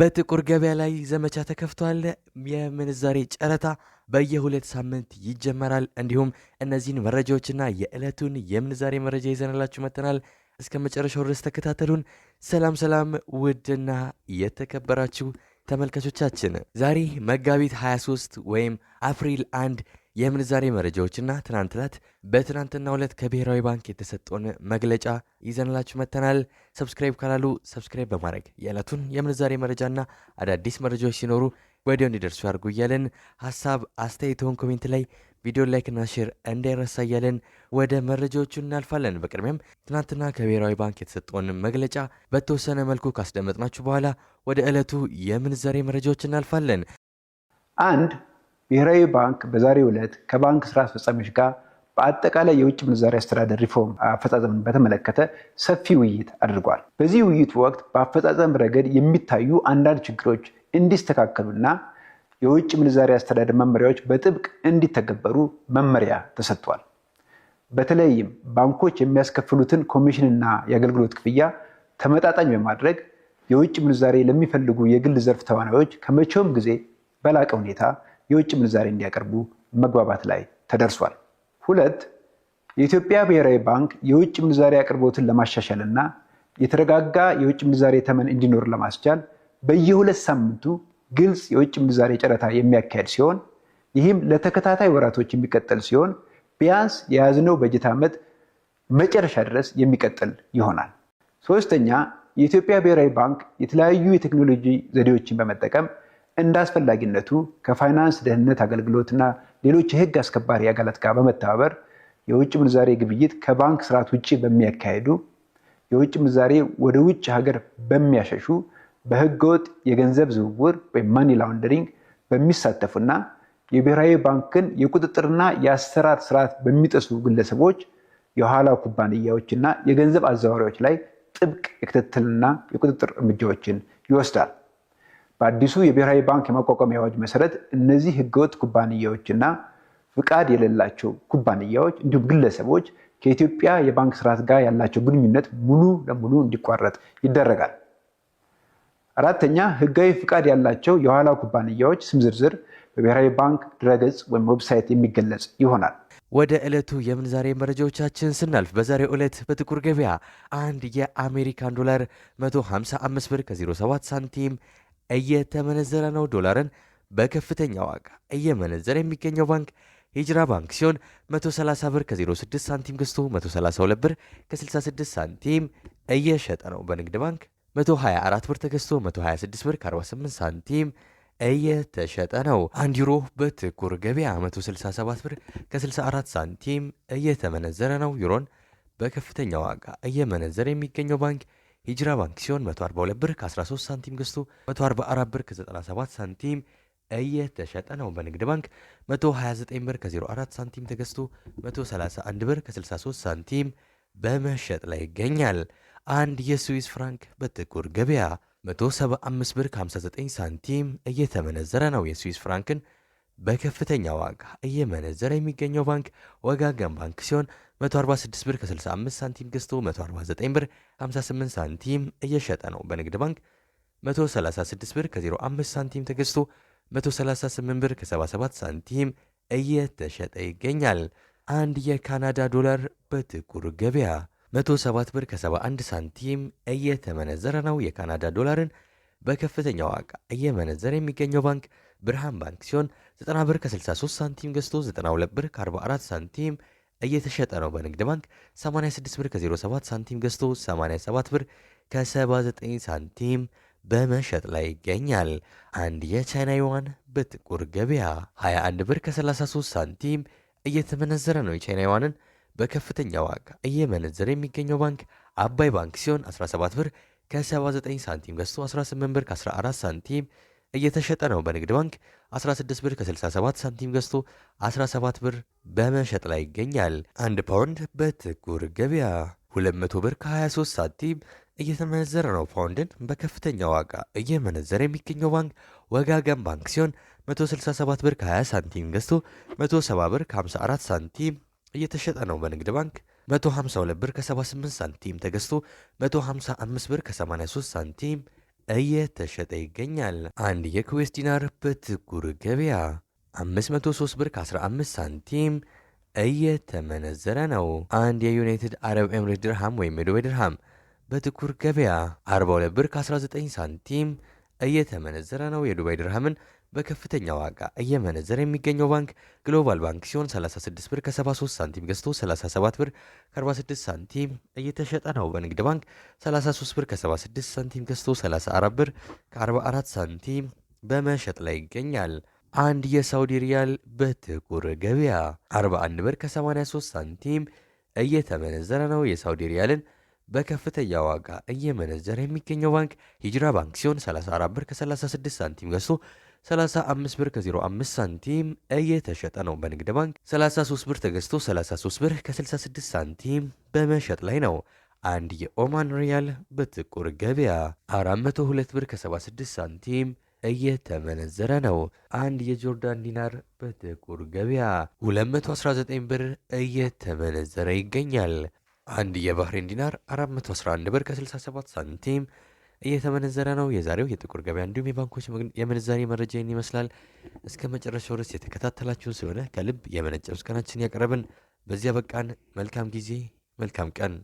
በጥቁር ገበያ ላይ ዘመቻ ተከፍቷል። የምንዛሬ ጨረታ በየሁለት ሳምንት ይጀመራል። እንዲሁም እነዚህን መረጃዎችና የዕለቱን የምንዛሬ መረጃ ይዘንላችሁ መጥተናል። እስከ መጨረሻው ድረስ ተከታተሉን። ሰላም ሰላም! ውድና የተከበራችሁ ተመልካቾቻችን ዛሬ መጋቢት 23 ወይም አፕሪል 1 የምንዛሬ መረጃዎችና ትናንት ዕለት በትናንትና ዕለት ከብሔራዊ ባንክ የተሰጠውን መግለጫ ይዘንላችሁ መጥተናል። ሰብስክራይብ ካላሉ ሰብስክራይብ በማድረግ የዕለቱን የምንዛሬ መረጃና አዳዲስ መረጃዎች ሲኖሩ ወዲያው እንዲደርሱ ያድርጉ እያልን ሀሳብ አስተያየትዎን ኮሜንት ላይ ቪዲዮ ላይክና ሼር እንዳይረሳ እያልን ወደ መረጃዎቹ እናልፋለን። በቅድሚያም ትናንትና ከብሔራዊ ባንክ የተሰጠውን መግለጫ በተወሰነ መልኩ ካስደመጥናችሁ በኋላ ወደ ዕለቱ የምንዛሬ መረጃዎች እናልፋለን። አንድ ብሔራዊ ባንክ በዛሬው ዕለት ከባንክ ስራ አስፈጻሚዎች ጋር በአጠቃላይ የውጭ ምንዛሪ አስተዳደር ሪፎርም አፈጻጸምን በተመለከተ ሰፊ ውይይት አድርጓል። በዚህ ውይይት ወቅት በአፈጻጸም ረገድ የሚታዩ አንዳንድ ችግሮች እንዲስተካከሉና የውጭ ምንዛሪ አስተዳደር መመሪያዎች በጥብቅ እንዲተገበሩ መመሪያ ተሰጥቷል። በተለይም ባንኮች የሚያስከፍሉትን ኮሚሽንና የአገልግሎት ክፍያ ተመጣጣኝ በማድረግ የውጭ ምንዛሬ ለሚፈልጉ የግል ዘርፍ ተዋናዮች ከመቼውም ጊዜ በላቀ ሁኔታ የውጭ ምንዛሬ እንዲያቀርቡ መግባባት ላይ ተደርሷል። ሁለት የኢትዮጵያ ብሔራዊ ባንክ የውጭ ምንዛሬ አቅርቦትን ለማሻሻል እና የተረጋጋ የውጭ ምንዛሬ ተመን እንዲኖር ለማስቻል በየሁለት ሳምንቱ ግልጽ የውጭ ምንዛሬ ጨረታ የሚያካሄድ ሲሆን ይህም ለተከታታይ ወራቶች የሚቀጠል ሲሆን ቢያንስ የያዝነው በጀት ዓመት መጨረሻ ድረስ የሚቀጥል ይሆናል። ሶስተኛ የኢትዮጵያ ብሔራዊ ባንክ የተለያዩ የቴክኖሎጂ ዘዴዎችን በመጠቀም እንደ አስፈላጊነቱ ከፋይናንስ ደህንነት አገልግሎትና ሌሎች የህግ አስከባሪ አካላት ጋር በመተባበር የውጭ ምንዛሬ ግብይት ከባንክ ስርዓት ውጭ በሚያካሄዱ የውጭ ምንዛሬ ወደ ውጭ ሀገር በሚያሸሹ በህገወጥ የገንዘብ ዝውውር ወይም ማኒ ላውንደሪንግ በሚሳተፉና የብሔራዊ ባንክን የቁጥጥርና የአሰራር ስርዓት በሚጠሱ ግለሰቦች፣ የኋላ ኩባንያዎችና የገንዘብ አዘዋሪዎች ላይ ጥብቅ የክትትልና የቁጥጥር እርምጃዎችን ይወስዳል። በአዲሱ የብሔራዊ ባንክ የማቋቋሚያ አዋጅ መሰረት እነዚህ ህገወጥ ኩባንያዎችና ፍቃድ የሌላቸው ኩባንያዎች እንዲሁም ግለሰቦች ከኢትዮጵያ የባንክ ስርዓት ጋር ያላቸው ግንኙነት ሙሉ ለሙሉ እንዲቋረጥ ይደረጋል። አራተኛ ህጋዊ ፍቃድ ያላቸው የኋላ ኩባንያዎች ስም ዝርዝር በብሔራዊ ባንክ ድረገጽ ወይም ዌብሳይት የሚገለጽ ይሆናል። ወደ ዕለቱ የምንዛሬ መረጃዎቻችን ስናልፍ በዛሬው ዕለት በጥቁር ገበያ አንድ የአሜሪካን ዶላር 155 ብር ከ07 ሳንቲም እየተመነዘረ ነው። ዶላርን በከፍተኛ ዋጋ እየመነዘረ የሚገኘው ባንክ ሂጅራ ባንክ ሲሆን 130 ብር ከ06 ሳንቲም ገዝቶ 132 ብር ከ66 ሳንቲም እየሸጠ ነው። በንግድ ባንክ 124 ብር ተገዝቶ 126 ብር ከ48 ሳንቲም እየተሸጠ ነው። አንድ ዩሮ በጥቁር ገበያ 167 ብር ከ64 ሳንቲም እየተመነዘረ ነው። ዩሮን በከፍተኛ ዋጋ እየመነዘረ የሚገኘው ባንክ ሂጅራ ባንክ ሲሆን 142 ብር ከ13 ሳንቲም ገዝቶ 144 ብር ከ97 ሳንቲም እየተሸጠ ነው። በንግድ ባንክ 129 ብር ከ04 ሳንቲም ተገዝቶ 131 ብር ከ63 ሳንቲም በመሸጥ ላይ ይገኛል። አንድ የስዊስ ፍራንክ በጥቁር ገበያ 175 ብር ከ59 ሳንቲም እየተመነዘረ ነው። የስዊስ ፍራንክን በከፍተኛ ዋጋ እየመነዘረ የሚገኘው ባንክ ወጋገን ባንክ ሲሆን 146 ብር ከ65 ሳንቲም ገዝቶ 149 ብር 58 ሳንቲም እየሸጠ ነው። በንግድ ባንክ 136 ብር ከ05 ሳንቲም ተገዝቶ 138 ብር ከ77 ሳንቲም እየተሸጠ ይገኛል። አንድ የካናዳ ዶላር በጥቁር ገበያ 107 ብር ከ71 ሳንቲም እየተመነዘረ ነው። የካናዳ ዶላርን በከፍተኛ ዋጋ እየመነዘረ የሚገኘው ባንክ ብርሃን ባንክ ሲሆን 90 ብር ከ63 ሳንቲም ገዝቶ 92 ብር ከ44 ሳንቲም እየተሸጠ ነው። በንግድ ባንክ 86 ብር ከ07 ሳንቲም ገዝቶ 87 ብር ከ79 ሳንቲም በመሸጥ ላይ ይገኛል። አንድ የቻይና ዩዋን በጥቁር ገበያ 21 ብር ከ33 ሳንቲም እየተመነዘረ ነው። የቻይና ዩዋንን በከፍተኛ ዋጋ እየመነዘረ የሚገኘው ባንክ አባይ ባንክ ሲሆን 17 ብር ከ79 ሳንቲም ገዝቶ 18 ብር ከ14 ሳንቲም እየተሸጠ ነው። በንግድ ባንክ 16 ብር ከ67 ሳንቲም ገዝቶ 17 ብር በመሸጥ ላይ ይገኛል። አንድ ፓውንድ በጥቁር ገበያ 200 ብር ከ23 ሳንቲም እየተመነዘረ ነው። ፓውንድን በከፍተኛ ዋጋ እየመነዘረ የሚገኘው ባንክ ወጋገን ባንክ ሲሆን 167 ብር ከ20 ሳንቲም ገዝቶ 170 ብር ከ54 ሳንቲም እየተሸጠ ነው። በንግድ ባንክ 152 ብር ከ78 ሳንቲም ተገዝቶ 155 ብር ከ83 ሳንቲም እየተሸጠ ይገኛል። አንድ የኩዌስ ዲናር በጥቁር ገበያ 503 ብር ከ15 ሳንቲም እየተመነዘረ ነው። አንድ የዩናይትድ አረብ ኤምሬት ድርሃም ወይም የዱባይ ድርሃም በጥቁር ገበያ 42 ብር ከ19 ሳንቲም እየተመነዘረ ነው። የዱባይ ድርሃምን በከፍተኛ ዋጋ እየመነዘረ የሚገኘው ባንክ ግሎባል ባንክ ሲሆን 36 ብር ከ73 ሳንቲም ገዝቶ 37 ብር ከ46 ሳንቲም እየተሸጠ ነው። በንግድ ባንክ 33 ብር ከ76 ሳንቲም ገዝቶ 34 ብር ከ44 ሳንቲም በመሸጥ ላይ ይገኛል። አንድ የሳውዲ ሪያል በጥቁር ገበያ 41 ብር ከ83 ሳንቲም እየተመነዘረ ነው። የሳውዲ ሪያልን በከፍተኛ ዋጋ እየመነዘረ የሚገኘው ባንክ ሂጅራ ባንክ ሲሆን 34 ብር ከ36 ሳንቲም ገዝቶ 35 ብር ከ05 ሳንቲም እየተሸጠ ነው። በንግድ ባንክ 33 ብር ተገዝቶ 33 ብር ከ66 ሳንቲም በመሸጥ ላይ ነው። አንድ የኦማን ሪያል በጥቁር ገበያ 402 ብር ከ76 ሳንቲም እየተመነዘረ ነው። አንድ የጆርዳን ዲናር በጥቁር ገበያ 219 ብር እየተመነዘረ ይገኛል። አንድ የባህሬን ዲናር 411 ብር ከ67 ሳንቲም እየተመነዘረ ነው። የዛሬው የጥቁር ገበያ እንዲሁም የባንኮች የምንዛሬ መረጃ ይህን ይመስላል። እስከ መጨረሻው ድረስ የተከታተላችሁን ስለሆነ ከልብ የመነጨ ምስጋናችን ያቀረብን በዚያ በቃን። መልካም ጊዜ፣ መልካም ቀን